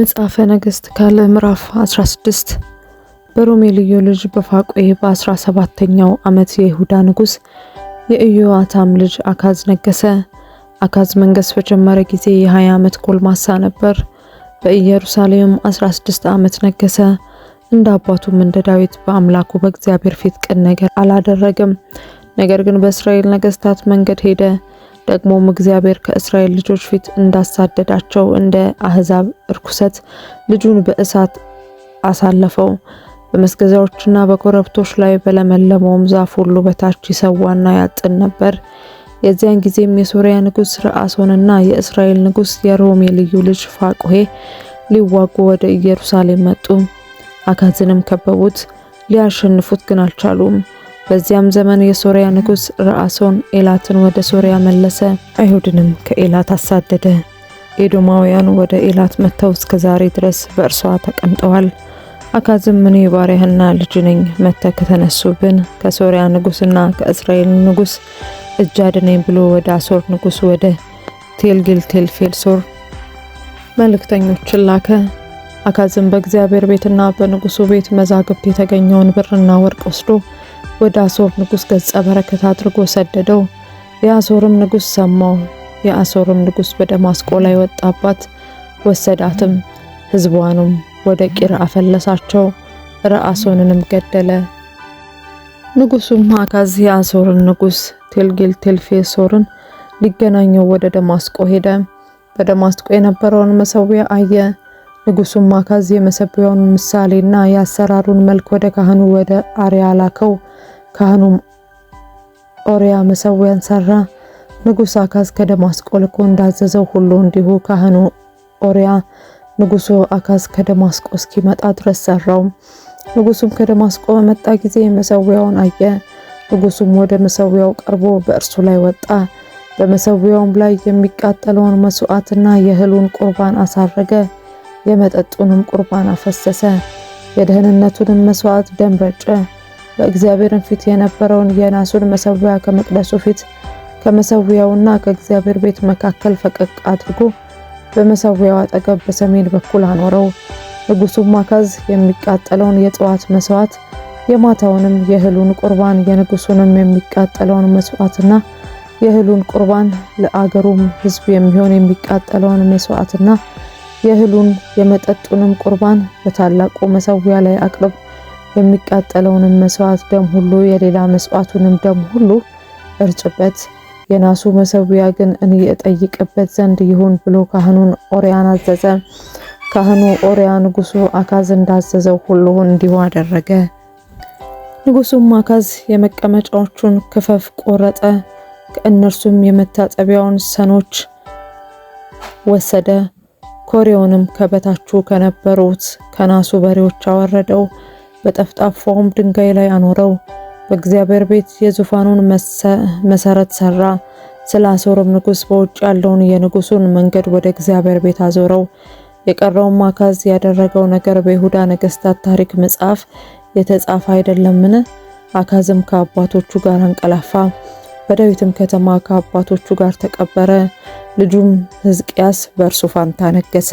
መጽሐፈ ነገሥት ካልዕ ምዕራፍ 16 በሮሜ ልዩ ልጅ በፋቆ በ17ኛው ዓመት የይሁዳ ንጉሥ የኢዮአታም ልጅ አካዝ ነገሰ። አካዝ መንገስ በጀመረ ጊዜ የ20 ዓመት ጎልማሳ ነበር። በኢየሩሳሌም 16 ዓመት ነገሰ። እንደ አባቱም እንደ ዳዊት በአምላኩ በእግዚአብሔር ፊት ቅን ነገር አላደረገም። ነገር ግን በእስራኤል ነገስታት መንገድ ሄደ። ደግሞም እግዚአብሔር ከእስራኤል ልጆች ፊት እንዳሳደዳቸው እንደ አህዛብ እርኩሰት ልጁን በእሳት አሳለፈው። በመስገጃዎችና በኮረብቶች ላይ በለመለመውም ዛፍ ሁሉ በታች ይሰዋና ያጥን ነበር። የዚያን ጊዜም የሶሪያ ንጉስ ረአሶንና የእስራኤል ንጉስ የሮሜ ልዩ ልጅ ፋቁሄ ሊዋጉ ወደ ኢየሩሳሌም መጡ። አካዝንም ከበቡት፣ ሊያሸንፉት ግን አልቻሉም። በዚያም ዘመን የሶሪያ ንጉሥ ረአሶን ኤላትን ወደ ሶሪያ መለሰ፣ አይሁድንም ከኤላት አሳደደ። ኤዶማውያን ወደ ኤላት መጥተው እስከ ዛሬ ድረስ በእርሷ ተቀምጠዋል። አካዝም እኔ ባሪያህና ልጅ ነኝ፣ መጥተህ ከተነሱብን ከሶሪያ ንጉሥና ከእስራኤል ንጉሥ እጅ አድነኝ ብሎ ወደ አሶር ንጉሥ ወደ ቴልፌልሶር መልእክተኞችን ላከ። አካዝም በእግዚአብሔር ቤትና በንጉሱ ቤት መዛግብት የተገኘውን ብርና ወርቅ ወስዶ ወደ አሶር ንጉስ ገጸ በረከት አድርጎ ሰደደው። የአሶርም ንጉስ ሰማው። የአሶርም ንጉስ በደማስቆ ላይ ወጣባት፣ ወሰዳትም፣ ህዝቧንም ወደ ቂር አፈለሳቸው፣ ረአሶንንም ገደለ። ንጉሱም አካዝ የአሦርን ንጉስ ቴልጌል ቴልፌሶርን ሊገናኘው ወደ ደማስቆ ሄደ። በደማስቆ የነበረውን መሰዊያ አየ። ንጉሱም አካዝ የመሰዊያውን ምሳሌና የአሰራሩን መልክ ወደ ካህኑ ወደ አርያ ላከው። ካህኑም ኦሪያ መሰዊያን ሰራ። ንጉሥ አካዝ ከደማስቆ ልኮ እንዳዘዘው ሁሉ እንዲሁ ካህኑ ኦሪያ ንጉሱ አካዝ ከደማስቆ እስኪመጣ ድረስ ሰራው። ንጉሱም ከደማስቆ በመጣ ጊዜ መሰዊያውን አየ። ንጉሱም ወደ መሰዊያው ቀርቦ በእርሱ ላይ ወጣ። በመሰዊያውም ላይ የሚቃጠለውን መስዋዕትና የእህሉን ቁርባን አሳረገ። የመጠጡንም ቁርባን አፈሰሰ። የደህንነቱንም መስዋዕት ደም ረጨ። በእግዚአብሔርን ፊት የነበረውን የናሱን መሰዊያ ከመቅደሱ ፊት ከመሰዊያውና ከእግዚአብሔር ቤት መካከል ፈቀቅ አድርጎ በመሰዊያው አጠገብ በሰሜን በኩል አኖረው። ንጉሡም አካዝ የሚቃጠለውን የጠዋት መስዋዕት የማታውንም የእህሉን ቁርባን የንጉሱንም የሚቃጠለውን መስዋዕትና የእህሉን ቁርባን ለአገሩም ሕዝብ የሚሆን የሚቃጠለውን መስዋዕትና የእህሉን የመጠጡንም ቁርባን በታላቁ መሰዊያ ላይ አቅርብ የሚቃጠለውንም መስዋዕት ደም ሁሉ የሌላ መስዋዕቱንም ደም ሁሉ እርጭበት። የናሱ መሰዊያ ግን እኔ የጠይቅበት ዘንድ ይሁን ብሎ ካህኑን ኦሪያን አዘዘ። ካህኑ ኦሪያ ንጉሱ አካዝ እንዳዘዘው ሁሉ እንዲሁ አደረገ። ንጉሱም አካዝ የመቀመጫዎቹን ክፈፍ ቆረጠ። ከእነርሱም የመታጠቢያውን ሰኖች ወሰደ። ኮሬውንም ከበታቹ ከነበሩት ከናሱ በሬዎች አወረደው። በጠፍጣፋውም ድንጋይ ላይ አኖረው። በእግዚአብሔር ቤት የዙፋኑን መሰረት ሰራ። ስለ አሦርም ንጉስ በውጭ ያለውን የንጉሱን መንገድ ወደ እግዚአብሔር ቤት አዞረው። የቀረውም አካዝ ያደረገው ነገር በይሁዳ ነገስታት ታሪክ መጽሐፍ የተጻፈ አይደለምን? አካዝም ከአባቶቹ ጋር አንቀላፋ፣ በዳዊትም ከተማ ከአባቶቹ ጋር ተቀበረ። ልጁም ህዝቅያስ በእርሱ ፋንታ ነገሰ።